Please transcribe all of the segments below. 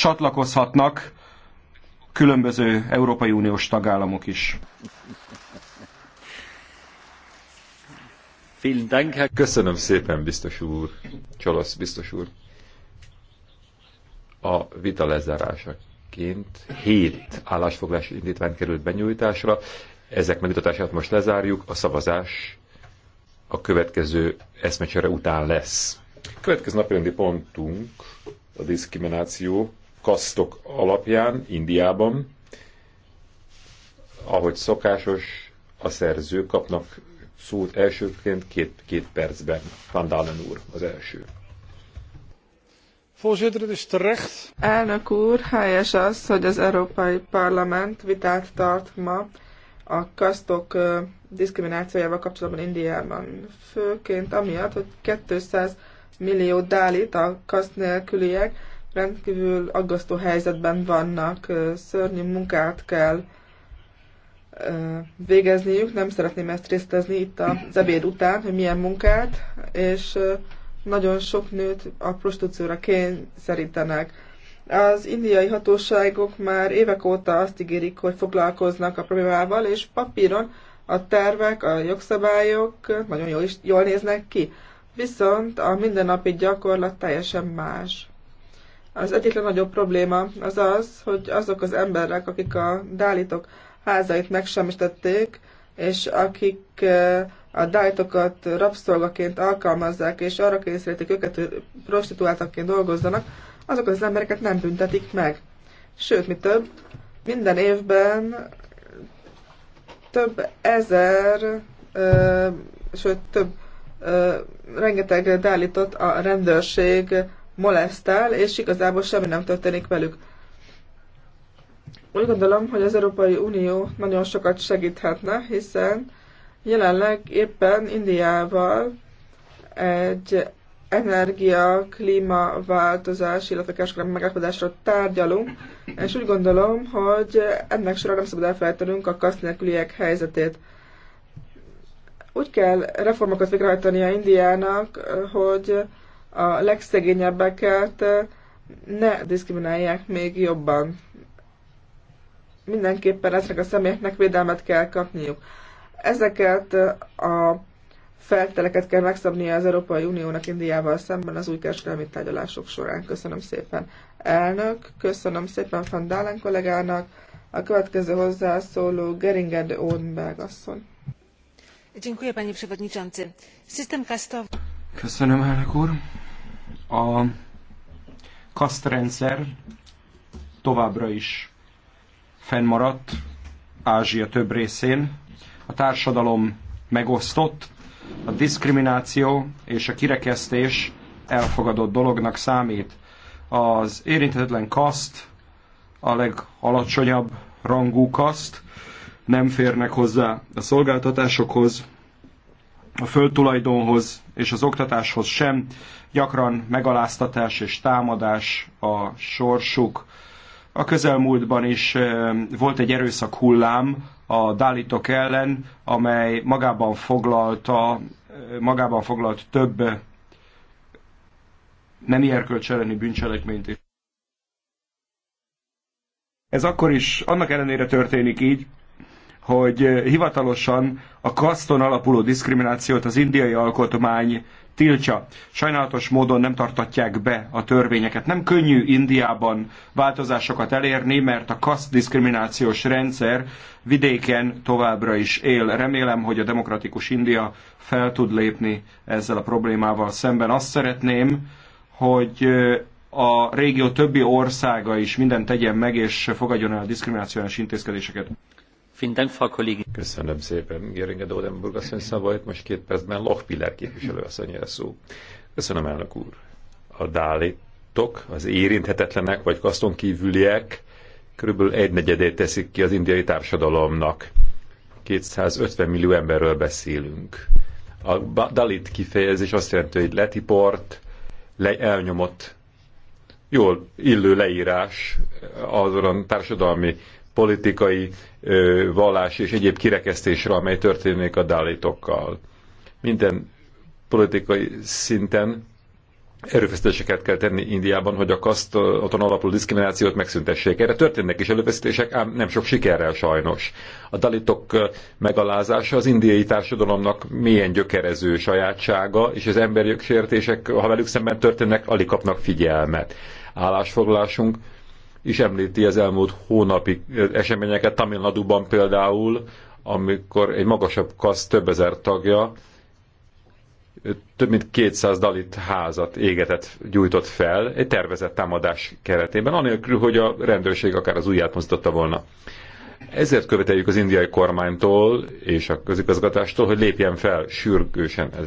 csatlakozhatnak különböző Európai Uniós tagállamok is. Köszönöm szépen, biztos úr, Csolosz biztos úr. A vita lezárásaként hét állásfoglás indítvány került benyújtásra. Ezek megmutatását most lezárjuk, a szavazás a következő eszmecsere után lesz. Következő napi pontunk a diszkrimináció kasztok alapján Indiában, ahogy szokásos, a szerzők kapnak szót elsőként két, két percben. Pandalen úr az első. Voorzitter, het is terecht. Elnök úr, helyes az, hogy az Európai Parlament vitát tart ma a kasztok diszkriminációjával kapcsolatban Indiában. Főként amiatt, hogy 200 millió dálit a kaszt nélküliek rendkívül aggasztó helyzetben vannak, szörnyű munkát kell végezniük, nem szeretném ezt résztezni itt az ebéd után, hogy milyen munkát, és nagyon sok nőt a prostitúcióra kényszerítenek. Az indiai hatóságok már évek óta azt ígérik, hogy foglalkoznak a problémával, és papíron a tervek, a jogszabályok nagyon jól, is, jól néznek ki. Viszont a mindennapi gyakorlat teljesen más. Az egyik legnagyobb probléma az az, hogy azok az emberek, akik a dálitok házait megsemmisítették, és akik a dálitokat rabszolgaként alkalmazzák, és arra kényszerítik őket, hogy prostituáltakként dolgozzanak, azok az embereket nem büntetik meg. Sőt, mi több, minden évben több ezer, ö, sőt több ö, rengeteg dálitot a rendőrség molesztál, és igazából semmi nem történik velük. Úgy gondolom, hogy az Európai Unió nagyon sokat segíthetne, hiszen jelenleg éppen Indiával egy energia, klímaváltozás, illetve kereskedelmi megállapodásra tárgyalunk, és úgy gondolom, hogy ennek során nem szabad elfelejtenünk a kaszt nélküliek helyzetét. Úgy kell reformokat végrehajtania Indiának, hogy a legszegényebbeket ne diszkriminálják még jobban. Mindenképpen ezeknek a személyeknek védelmet kell kapniuk. Ezeket a felteleket kell megszabnia az Európai Uniónak Indiával szemben az új kereskedelmi tárgyalások során. Köszönöm szépen, elnök, köszönöm szépen Van Dálen kollégának, a következő hozzászóló Geringer de Odenberg asszony. Dziękuję, panie przewodniczący. System kastowy... Köszönöm, elnök úr. A kasztrendszer továbbra is fennmaradt Ázsia több részén. A társadalom megosztott, a diszkrimináció és a kirekesztés elfogadott dolognak számít. Az érintetlen kaszt a legalacsonyabb rangú kaszt, nem férnek hozzá a szolgáltatásokhoz, a földtulajdonhoz és az oktatáshoz sem. Gyakran megaláztatás és támadás a sorsuk. A közelmúltban is volt egy erőszak hullám a dálitok ellen, amely magában foglalta, magában foglalt több nem erkölcs elleni bűncselekményt is. Ez akkor is, annak ellenére történik így, hogy hivatalosan a kaszton alapuló diszkriminációt az indiai alkotmány tiltja. Sajnálatos módon nem tartatják be a törvényeket. Nem könnyű Indiában változásokat elérni, mert a kaszt diszkriminációs rendszer vidéken továbbra is él. Remélem, hogy a demokratikus India fel tud lépni ezzel a problémával szemben. Azt szeretném, hogy a régió többi országa is mindent tegyen meg, és fogadjon el a diszkriminációs intézkedéseket. Köszönöm szépen, Géringe Dodenburg asszony szavait, most két percben Lochpiller képviselő asszony szó. Köszönöm, elnök úr. A dálitok, az érinthetetlenek vagy kaszton kívüliek körülbelül egynegyedét teszik ki az indiai társadalomnak. 250 millió emberről beszélünk. A dalit kifejezés azt jelenti, hogy letiport, le, elnyomott, jól illő leírás azon társadalmi politikai vallás és egyéb kirekesztésre, amely történik a dálitokkal. Minden politikai szinten erőfeszítéseket kell tenni Indiában, hogy a kaszton alapuló diszkriminációt megszüntessék. Erre történnek is előfeszítések, ám nem sok sikerrel sajnos. A dalitok megalázása az indiai társadalomnak milyen gyökerező sajátsága, és az emberi jogsértések, ha velük szemben történnek, alig kapnak figyelmet. Állásfoglalásunk is említi az elmúlt hónapi eseményeket, Tamil Naduban például, amikor egy magasabb kasz több ezer tagja több mint 200 dalit házat égetett, gyújtott fel egy tervezett támadás keretében, anélkül, hogy a rendőrség akár az ujját mozdotta volna. Ezért követeljük az indiai kormánytól és a közigazgatástól, hogy lépjen fel sürgősen ez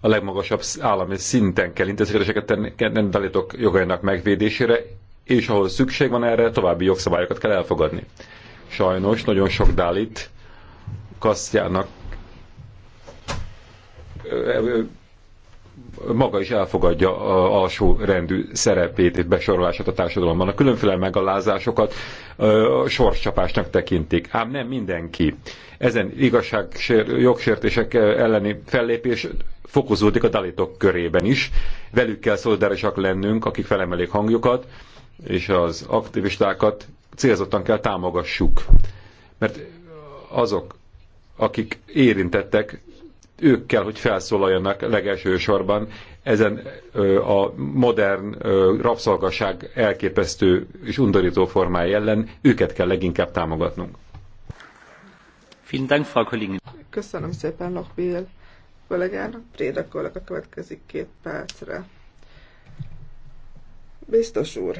a legmagasabb állami szinten kell intézkedéseket tenni belétok jogainak megvédésére, és ahol szükség van erre, további jogszabályokat kell elfogadni. Sajnos nagyon sok dalit kasztjának maga is elfogadja a alsó rendű szerepét és besorolását a társadalomban. A különféle megalázásokat a sorscsapásnak tekintik. Ám nem mindenki. Ezen igazság jogsértések elleni fellépés fokozódik a dalitok körében is. Velük kell szolidárisak lennünk, akik felemelik hangjukat, és az aktivistákat célzottan kell támogassuk. Mert azok, akik érintettek, ők kell, hogy felszólaljanak legelső sorban ezen a modern rabszolgaság elképesztő és undorító formája ellen, őket kell leginkább támogatnunk. Köszönöm szépen, Lachbél kollégán, Préda kollega következik két percre. Biztos úr,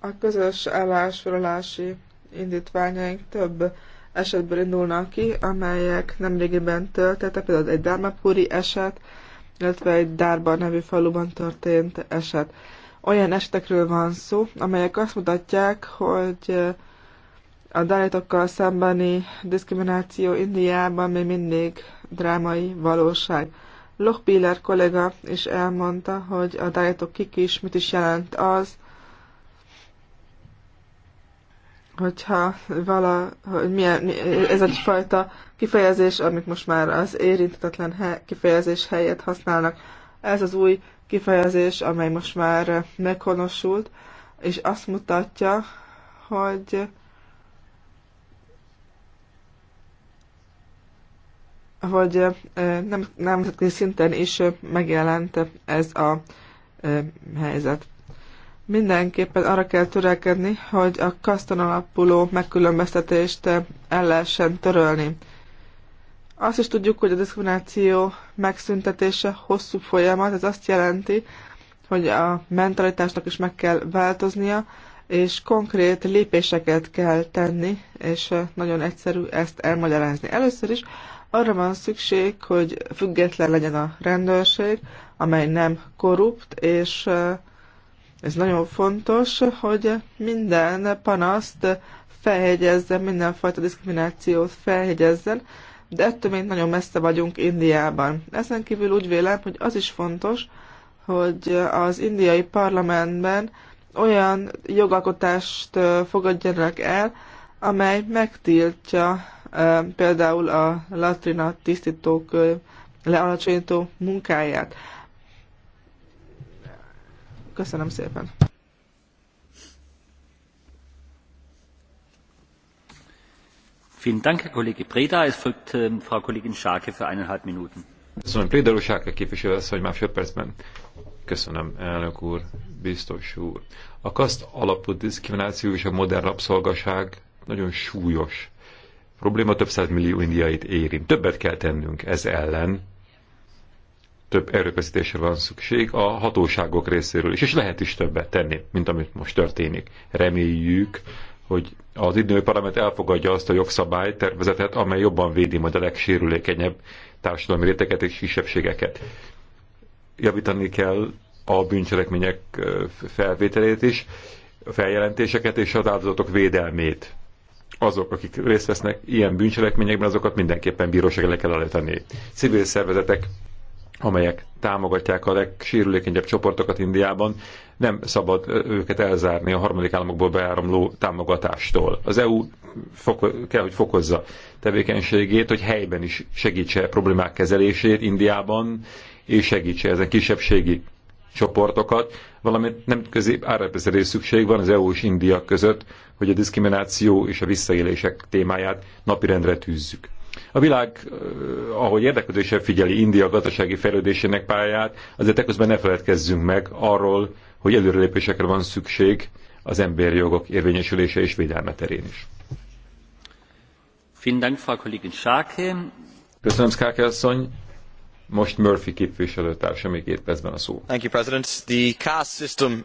a közös állásfoglalási indítványaink több esetből indulnak ki, amelyek nemrégiben történtek, például egy Dármapúri eset, illetve egy Dárba nevű faluban történt eset. Olyan esetekről van szó, amelyek azt mutatják, hogy a dalitokkal szembeni diszkrimináció Indiában még mindig drámai valóság. Lochbiller kollega is elmondta, hogy a dalitok kik is, mit is jelent az, hogyha vala, hogy milyen, ez egyfajta kifejezés, amit most már az érintetlen he, kifejezés helyett használnak. Ez az új kifejezés, amely most már meghonosult, és azt mutatja, hogy hogy nem, nemzetközi szinten is megjelent ez a helyzet. Mindenképpen arra kell törekedni, hogy a kaszton alapuló megkülönböztetést el lehessen törölni. Azt is tudjuk, hogy a diszkrimináció megszüntetése hosszú folyamat, ez azt jelenti, hogy a mentalitásnak is meg kell változnia, és konkrét lépéseket kell tenni, és nagyon egyszerű ezt elmagyarázni. Először is arra van szükség, hogy független legyen a rendőrség, amely nem korrupt, és ez nagyon fontos, hogy minden panaszt felhegyezzen, mindenfajta diszkriminációt felhegyezzen, de ettől még nagyon messze vagyunk Indiában. Ezen kívül úgy vélem, hogy az is fontos, hogy az indiai parlamentben olyan jogalkotást fogadjanak el, amely megtiltja például a latrina tisztítók lealacsonyító munkáját. Köszönöm szépen! Köszönöm, Préda Sáke képviselő asszony másodpercben. Köszönöm, elnök úr, biztos úr. A kaszt alapú diszkrimináció és a modern rabszolgaság nagyon súlyos probléma több millió indiait éri. Többet kell tennünk ez ellen, több erőfeszítésre van szükség a hatóságok részéről is, és lehet is többet tenni, mint amit most történik. Reméljük, hogy az idő parlament elfogadja azt a jogszabálytervezetet, amely jobban védi majd a legsérülékenyebb társadalmi réteget és kisebbségeket. Javítani kell a bűncselekmények felvételét is, feljelentéseket és az áldozatok védelmét azok, akik részt vesznek ilyen bűncselekményekben, azokat mindenképpen bíróság le kell állítani. Civil szervezetek, amelyek támogatják a legsérülékenyebb csoportokat Indiában, nem szabad őket elzárni a harmadik államokból beáramló támogatástól. Az EU foko- kell, hogy fokozza tevékenységét, hogy helyben is segítse problémák kezelését Indiában, és segítse ezen kisebbségi csoportokat, valamint nemzetközi árrepeszeré szükség van az EU és India között, hogy a diszkrimináció és a visszaélések témáját napirendre tűzzük. A világ, eh, ahogy érdeklődéssel figyeli India gazdasági fejlődésének pályáját, azért ekközben ne feledkezzünk meg arról, hogy előrelépésekre van szükség az emberi jogok érvényesülése és védelme terén is. Köszönöm, Skáke asszony. Most Murphy képviselőtár még két percben a szó. Thank you, President. The system...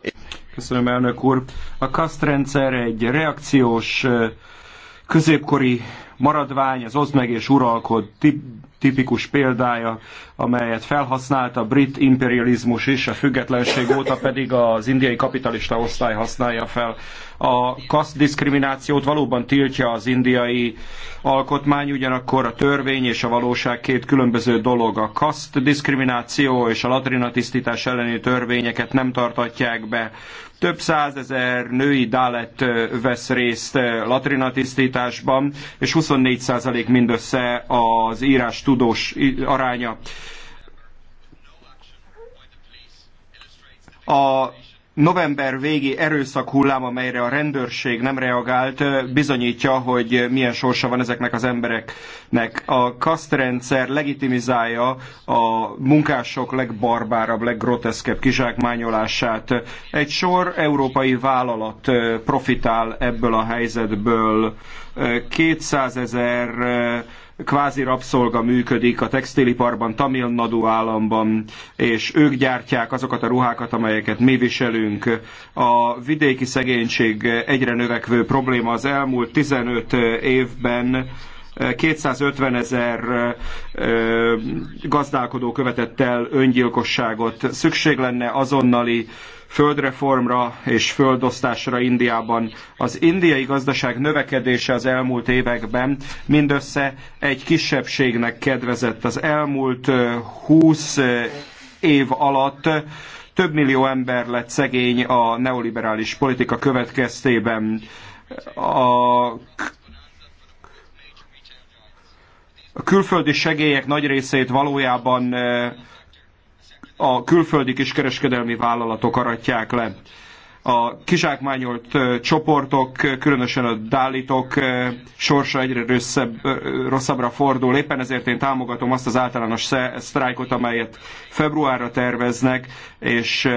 Köszönöm, elnök úr. A kasztrendszer rendszer egy reakciós középkori maradvány, az oszd meg és uralkod tipikus példája, amelyet felhasznált a brit imperializmus is, a függetlenség óta pedig az indiai kapitalista osztály használja fel. A kaszt diszkriminációt valóban tiltja az indiai alkotmány, ugyanakkor a törvény és a valóság két különböző dolog. A kaszt diszkrimináció és a latrinatisztítás elleni törvényeket nem tartatják be. Több százezer női dálet vesz részt latrinatisztításban, és 20 24% mindössze az írás tudós aránya. A november végi erőszak hullám, amelyre a rendőrség nem reagált, bizonyítja, hogy milyen sorsa van ezeknek az embereknek. A kasztrendszer legitimizálja a munkások legbarbárabb, leggroteszkebb kizsákmányolását. Egy sor európai vállalat profitál ebből a helyzetből. 200 ezer kvázi rabszolga működik a textiliparban, Tamil Nadu államban, és ők gyártják azokat a ruhákat, amelyeket mi viselünk. A vidéki szegénység egyre növekvő probléma az elmúlt 15 évben 250 ezer gazdálkodó követett el öngyilkosságot. Szükség lenne azonnali földreformra és földosztásra Indiában. Az indiai gazdaság növekedése az elmúlt években mindössze egy kisebbségnek kedvezett. Az elmúlt 20 év alatt több millió ember lett szegény a neoliberális politika következtében. A a külföldi segélyek nagy részét valójában a külföldi kiskereskedelmi vállalatok aratják le. A kizsákmányolt csoportok, különösen a dálitok sorsa egyre rösszebb, rosszabbra fordul. Éppen ezért én támogatom azt az általános sztrájkot, amelyet februárra terveznek, és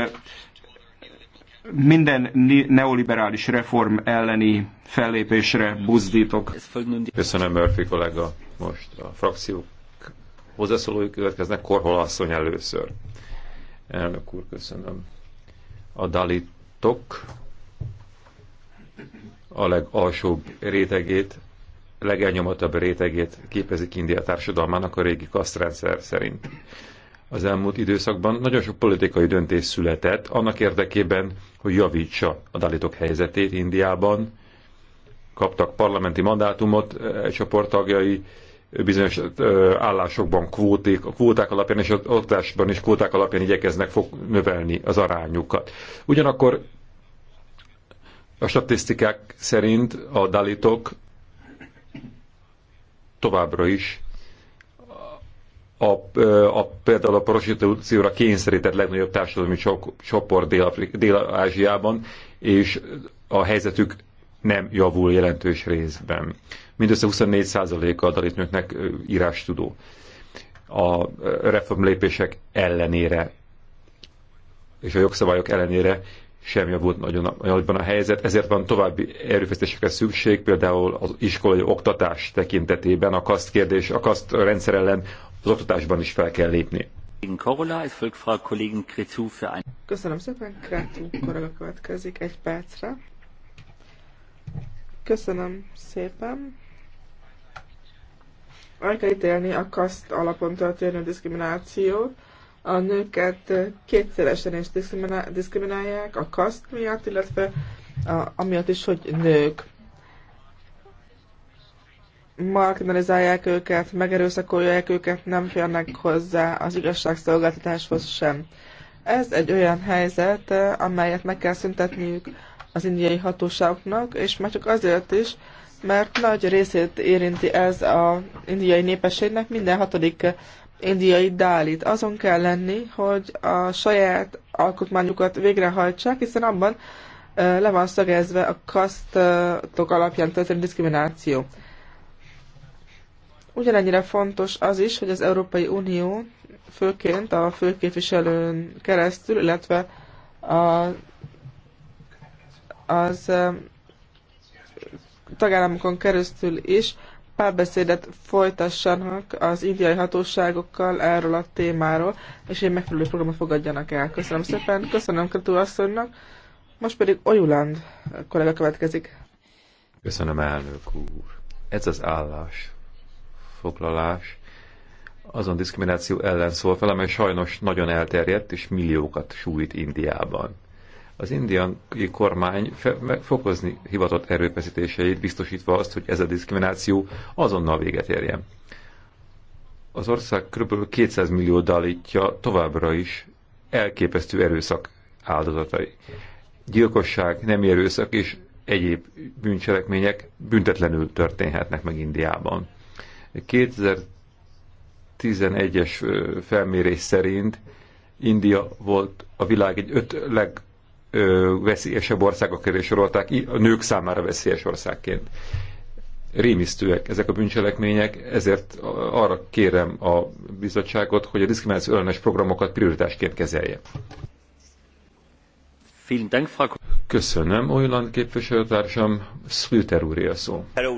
minden neoliberális reform elleni fellépésre buzdítok. Köszönöm, Murphy kollega. Most a frakciók hozzászólói következnek, Korhol asszony először. Elnök úr, köszönöm. A dalitok a legalsóbb rétegét, legelnyomatabb rétegét képezik India társadalmának a régi kasztrendszer szerint. Az elmúlt időszakban nagyon sok politikai döntés született annak érdekében, hogy javítsa a dalitok helyzetét Indiában. Kaptak parlamenti mandátumot eh, csoporttagjai, bizonyos állásokban kvóték, a kvóták alapján és az oktatásban is kvóták alapján igyekeznek fog növelni az arányukat. Ugyanakkor a statisztikák szerint a dalitok továbbra is a, a, például a prostitúcióra kényszerített legnagyobb társadalmi csoport Dél-Ázsiában, és a helyzetük nem javul jelentős részben. Mindössze 24%-a a dalitnőknek írás tudó. A reformlépések ellenére és a jogszabályok ellenére sem javult nagyon nagyban a helyzet, ezért van további erőfeszítésekre szükség, például az iskolai oktatás tekintetében a kaszt kérdés, a kaszt rendszer ellen az oktatásban is fel kell lépni. Köszönöm szépen, Kretú kollega következik egy percre. Köszönöm szépen. El kell ítélni a kaszt alapon történő diszkriminációt. A nőket kétszeresen is diszkriminálják a kaszt miatt, illetve a, amiatt is, hogy nők marginalizálják őket, megerőszakolják őket, nem férnek hozzá az igazságszolgáltatáshoz sem. Ez egy olyan helyzet, amelyet meg kell szüntetniük az indiai hatóságoknak, és már csak azért is, mert nagy részét érinti ez az indiai népességnek, minden hatodik indiai dálit. Azon kell lenni, hogy a saját alkotmányukat végrehajtsák, hiszen abban le van szögezve a kasztok alapján történő diszkrimináció. Ugyanennyire fontos az is, hogy az Európai Unió főként a főképviselőn keresztül, illetve a az tagállamokon keresztül is párbeszédet folytassanak az indiai hatóságokkal erről a témáról, és egy megfelelő programot fogadjanak el. Köszönöm szépen, köszönöm Kretú asszonynak, most pedig Ojuland kollega következik. Köszönöm, elnök úr. Ez az állás, foglalás, azon diszkrimináció ellen szól fel, amely sajnos nagyon elterjedt és milliókat sújt Indiában. Az indiai kormány fokozni hivatott erőfeszítéseit, biztosítva azt, hogy ez a diszkrimináció azonnal véget érjen. Az ország kb. 200 millió dalítja továbbra is elképesztő erőszak áldozatai. Gyilkosság, nem erőszak és egyéb bűncselekmények büntetlenül történhetnek meg Indiában. 2011-es felmérés szerint India volt a világ egy öt leg veszélyesebb országok közé sorolták, a nők számára veszélyes országként. Rémisztőek ezek a bűncselekmények, ezért arra kérem a bizottságot, hogy a diszkrimináció ellenes programokat prioritásként kezelje. Köszönöm, olyan képviselőtársam, Szülter úr a szó. Er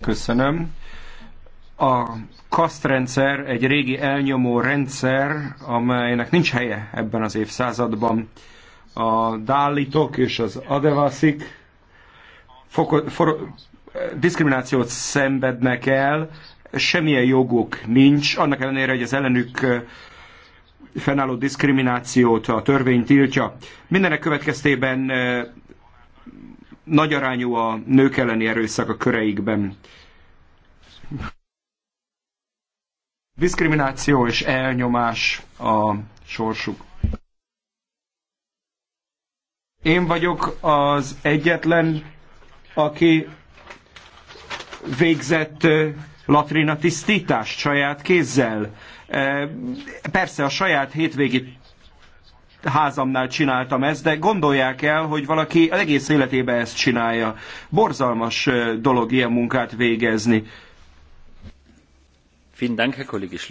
Köszönöm. A kasztrendszer egy régi elnyomó rendszer, amelynek nincs helye ebben az évszázadban. A dálitok és az adevaszik foko, for, diszkriminációt szenvednek el, semmilyen joguk nincs, annak ellenére, hogy az ellenük fennálló diszkriminációt a törvény tiltja. Mindenek következtében nagy arányú a nők elleni erőszak a köreikben diszkrimináció és elnyomás a sorsuk. Én vagyok az egyetlen, aki végzett latrina tisztítást saját kézzel. Persze a saját hétvégi házamnál csináltam ezt, de gondolják el, hogy valaki az egész életében ezt csinálja. Borzalmas dolog ilyen munkát végezni.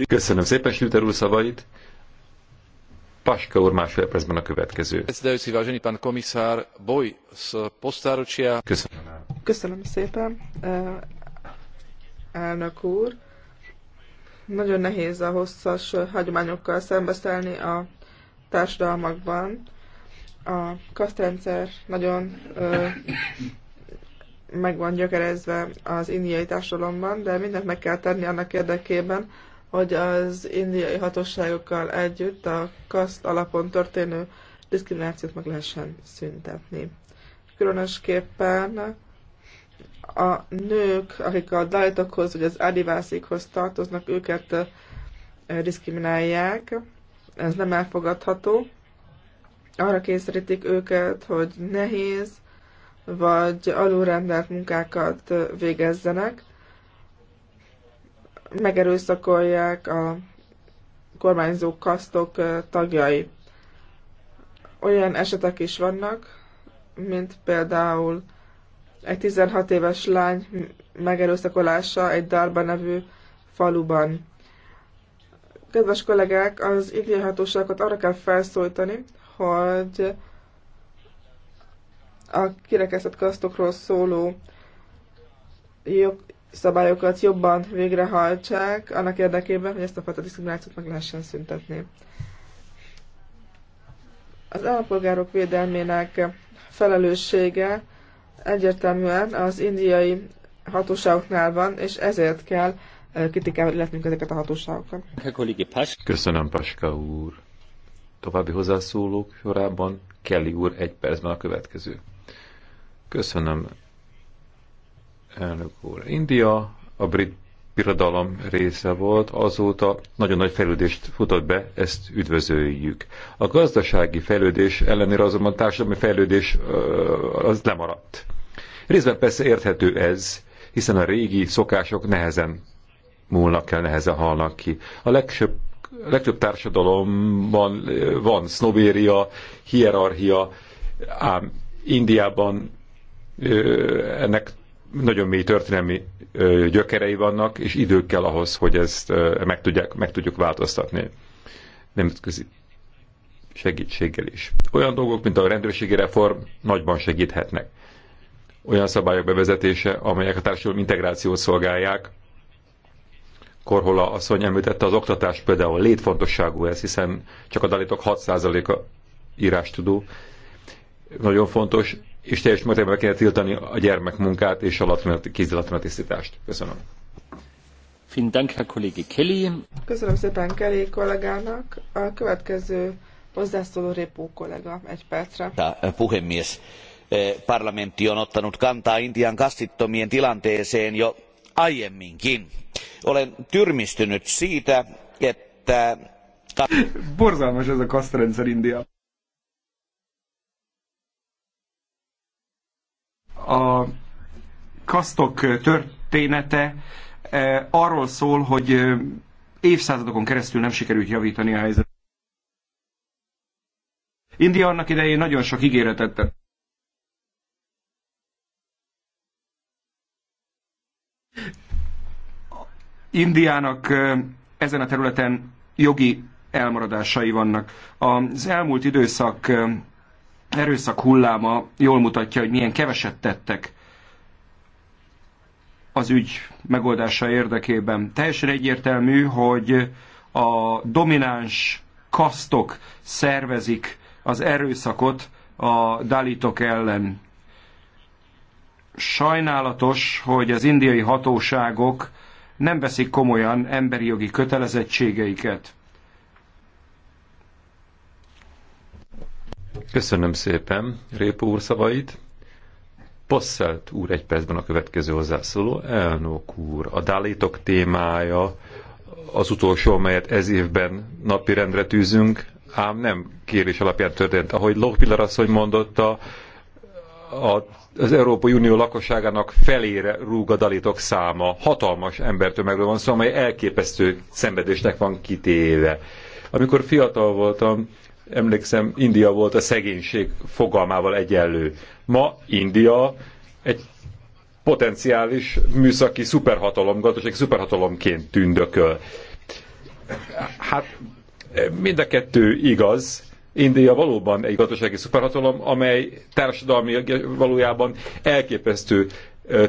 Köszönöm szépen Slüter úr szavait. Paška úr másfél percben a következő. Köszönöm. Köszönöm szépen, eh, elnök úr. Nagyon nehéz a hosszas hagyományokkal szembeszélni a társadalmakban. A kasztrendszer nagyon eh, meg van gyökerezve az indiai társadalomban, de mindent meg kell tenni annak érdekében, hogy az indiai hatóságokkal együtt a kaszt alapon történő diszkriminációt meg lehessen szüntetni. Különösképpen a nők, akik a dalitokhoz vagy az adivászikhoz tartoznak, őket diszkriminálják. Ez nem elfogadható. Arra kényszerítik őket, hogy nehéz, vagy alulrendelt munkákat végezzenek, megerőszakolják a kormányzó kasztok tagjai. Olyan esetek is vannak, mint például egy 16 éves lány megerőszakolása egy Darba nevű faluban. Kedves kollégák, az indiai arra kell felszólítani, hogy a kirekesztett kasztokról szóló jogszabályokat jobban végrehajtsák, annak érdekében, hogy ezt a fajta diszkriminációt meg lehessen szüntetni. Az állampolgárok védelmének felelőssége egyértelműen az indiai hatóságoknál van, és ezért kell kritikával illetnünk ezeket a hatóságokat. Köszönöm, Paska úr. További hozzászólók sorában Kelly úr egy percben a következő. Köszönöm, elnök úr. India a brit birodalom része volt, azóta nagyon nagy fejlődést futott be, ezt üdvözöljük. A gazdasági fejlődés ellenére azonban társadalmi fejlődés az lemaradt. Részben persze érthető ez, hiszen a régi szokások nehezen múlnak el, nehezen halnak ki. A a legtöbb társadalomban van sznobéria, hierarchia, ám Indiában ennek nagyon mély történelmi gyökerei vannak, és idő kell ahhoz, hogy ezt meg, tudják, meg tudjuk változtatni nemzetközi segítséggel is. Olyan dolgok, mint a rendőrségi reform nagyban segíthetnek. Olyan szabályok bevezetése, amelyek a társadalom integrációt szolgálják. Korhola asszony említette az oktatás például létfontosságú ez, hiszen csak a dalitok 6%-a írás tudó. Nagyon fontos és teljes mértékben kell tiltani a gyermekmunkát és a kézilatomatiszitást. Köszönöm. Köszönöm szépen Kelly kollégának. A következő hozzászóló Répó kollega egy percre. Eh, puhemies. Eh, parlamentti on ottanut kantaa Intian kastittomien tilanteeseen jo aiemminkin. Olen tyrmistynyt siitä, että... Borzalmas ez a kasztrendszer India. A kasztok története eh, arról szól, hogy eh, évszázadokon keresztül nem sikerült javítani a helyzetet. India annak idején nagyon sok ígéretet tett. Indiának eh, ezen a területen jogi elmaradásai vannak. Az elmúlt időszak erőszak hulláma jól mutatja, hogy milyen keveset tettek az ügy megoldása érdekében. Teljesen egyértelmű, hogy a domináns kasztok szervezik az erőszakot a dalitok ellen. Sajnálatos, hogy az indiai hatóságok nem veszik komolyan emberi jogi kötelezettségeiket. Köszönöm szépen Répo úr szavait. Posszelt úr egy percben a következő hozzászóló. Elnök úr, a dálétok témája az utolsó, amelyet ez évben napirendre tűzünk, ám nem kérés alapján történt. Ahogy Lópillar asszony mondotta, a, az Európai Unió lakosságának felére rúg a dalitok száma. Hatalmas embertömegről van szó, amely elképesztő szenvedésnek van kitéve. Amikor fiatal voltam, emlékszem, India volt a szegénység fogalmával egyenlő. Ma India egy potenciális műszaki szuperhatalom, gazdasági szuperhatalomként tündököl. Hát mind a kettő igaz. India valóban egy gazdasági szuperhatalom, amely társadalmi valójában elképesztő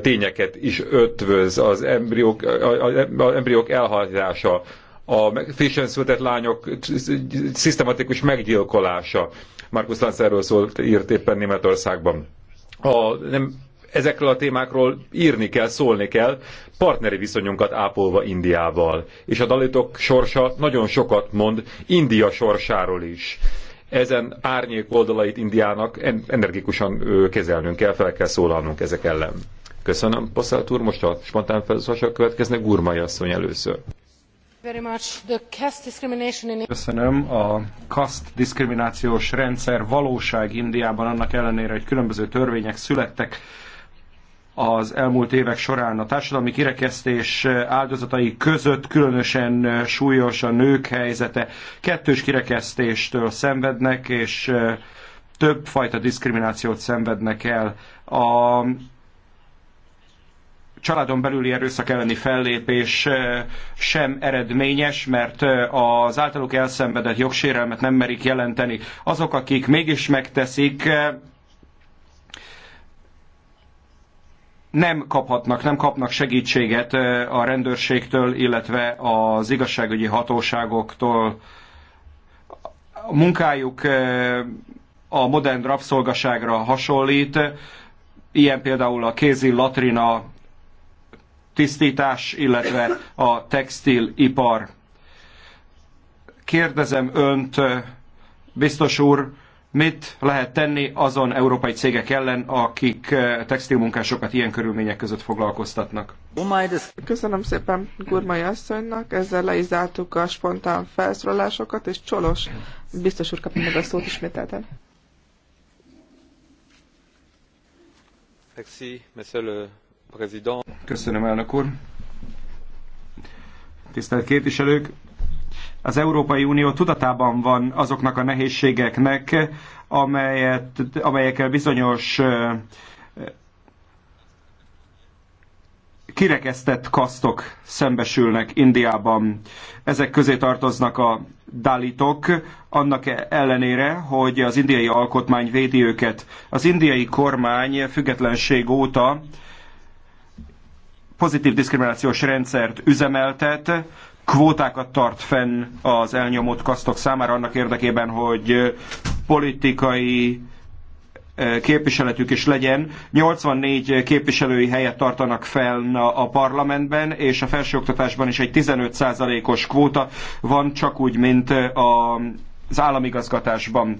tényeket is ötvöz, az embriók, az embriók elhagyása, a frissen született lányok szisztematikus meggyilkolása. Markus Lanz erről szólt, írt éppen Németországban. A, nem, ezekről a témákról írni kell, szólni kell, partneri viszonyunkat ápolva Indiával. És a dalitok sorsa nagyon sokat mond India sorsáról is. Ezen árnyék oldalait Indiának energikusan kezelnünk kell, fel kell szólalnunk ezek ellen. Köszönöm, Passzát úr. Most a spontán felszólások következnek. Gurmai asszony először. A kaszt diszkriminációs rendszer valóság Indiában annak ellenére, hogy különböző törvények születtek az elmúlt évek során a társadalmi kirekesztés áldozatai között különösen súlyos a nők helyzete. Kettős kirekesztéstől szenvednek, és több fajta diszkriminációt szenvednek el. A családon belüli erőszak elleni fellépés eh, sem eredményes, mert eh, az általuk elszenvedett jogsérelmet nem merik jelenteni. Azok, akik mégis megteszik, eh, nem kaphatnak, nem kapnak segítséget a rendőrségtől, illetve az igazságügyi hatóságoktól. A munkájuk a modern rabszolgaságra hasonlít, ilyen például a kézi latrina tisztítás, illetve a textilipar. Kérdezem önt, biztos úr, mit lehet tenni azon európai cégek ellen, akik eh, textilmunkásokat ilyen körülmények között foglalkoztatnak? Köszönöm szépen Gurmai asszonynak, ezzel le is zártuk a spontán felszólalásokat, és Csolos biztos úr kapja meg a szót ismételten. Merci, monsieur le Köszönöm, elnök úr. Tisztelt képviselők! Az Európai Unió tudatában van azoknak a nehézségeknek, amelyet, amelyekkel bizonyos kirekesztett kasztok szembesülnek Indiában. Ezek közé tartoznak a dalitok, annak ellenére, hogy az indiai alkotmány védi őket. Az indiai kormány függetlenség óta pozitív diszkriminációs rendszert üzemeltet, kvótákat tart fenn az elnyomott kasztok számára annak érdekében, hogy politikai eh, képviseletük is legyen. 84 képviselői helyet tartanak fel a parlamentben, és a felsőoktatásban is egy 15%-os kvóta van, csak úgy, mint eh, az államigazgatásban.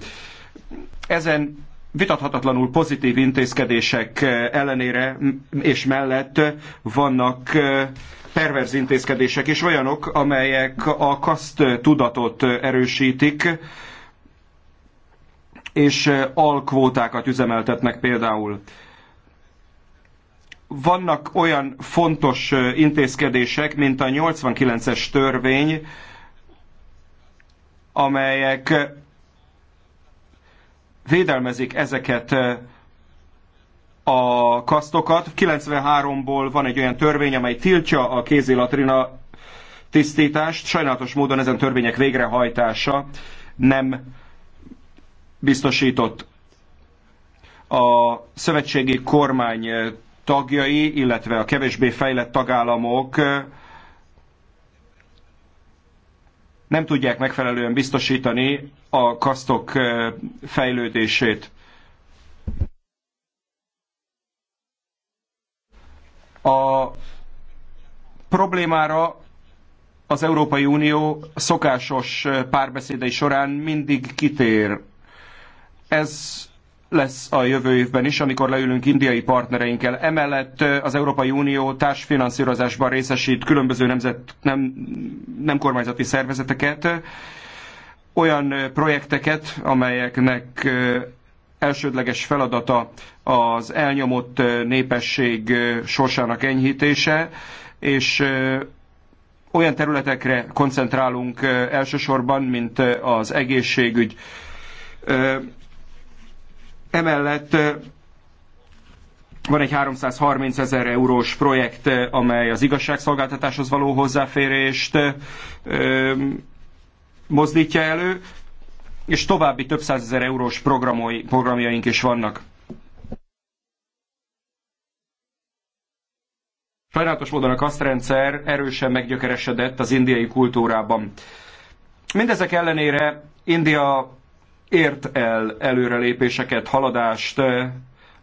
Ezen vitathatatlanul pozitív intézkedések ellenére és mellett vannak perverz intézkedések és olyanok, amelyek a kaszt tudatot erősítik, és alkvótákat üzemeltetnek például. Vannak olyan fontos intézkedések, mint a 89-es törvény, amelyek védelmezik ezeket a kasztokat. 93-ból van egy olyan törvény, amely tiltja a kézilatrina tisztítást. Sajnálatos módon ezen törvények végrehajtása nem biztosított a szövetségi kormány tagjai, illetve a kevésbé fejlett tagállamok nem tudják megfelelően biztosítani a kasztok fejlődését. A problémára az Európai Unió szokásos párbeszédei során mindig kitér. Ez lesz a jövő évben is, amikor leülünk indiai partnereinkkel. Emellett az Európai Unió társfinanszírozásban részesít különböző nemzet, nem, nem kormányzati szervezeteket, olyan projekteket, amelyeknek elsődleges feladata az elnyomott népesség sorsának enyhítése, és olyan területekre koncentrálunk elsősorban, mint az egészségügy. Emellett van egy 330 ezer eurós projekt, amely az igazságszolgáltatáshoz való hozzáférést mozdítja elő, és további több százezer eurós programjaink is vannak. Sajnálatos módon a kasztrendszer erősen meggyökeresedett az indiai kultúrában. Mindezek ellenére India ért el előrelépéseket, haladást, eh,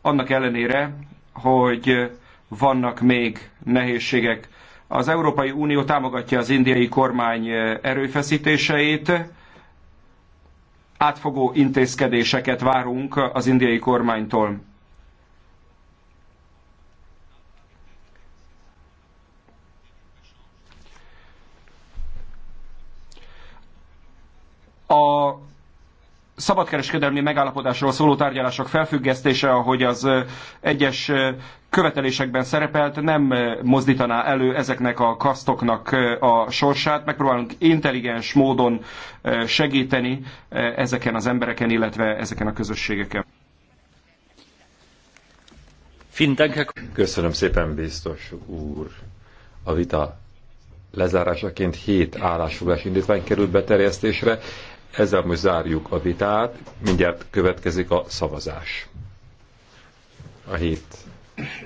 annak ellenére, hogy eh, vannak még nehézségek. Az Európai Unió támogatja az indiai kormány eh, erőfeszítéseit, átfogó intézkedéseket várunk az indiai kormánytól. A szabadkereskedelmi megállapodásról szóló tárgyalások felfüggesztése, ahogy az egyes követelésekben szerepelt, nem mozdítaná elő ezeknek a kasztoknak a sorsát. Megpróbálunk intelligens módon segíteni ezeken az embereken, illetve ezeken a közösségeken. Köszönöm szépen, biztos úr. A vita lezárásaként hét állásfoglalás indítvány került beterjesztésre. Ezzel most zárjuk a vitát, mindjárt következik a szavazás. A hét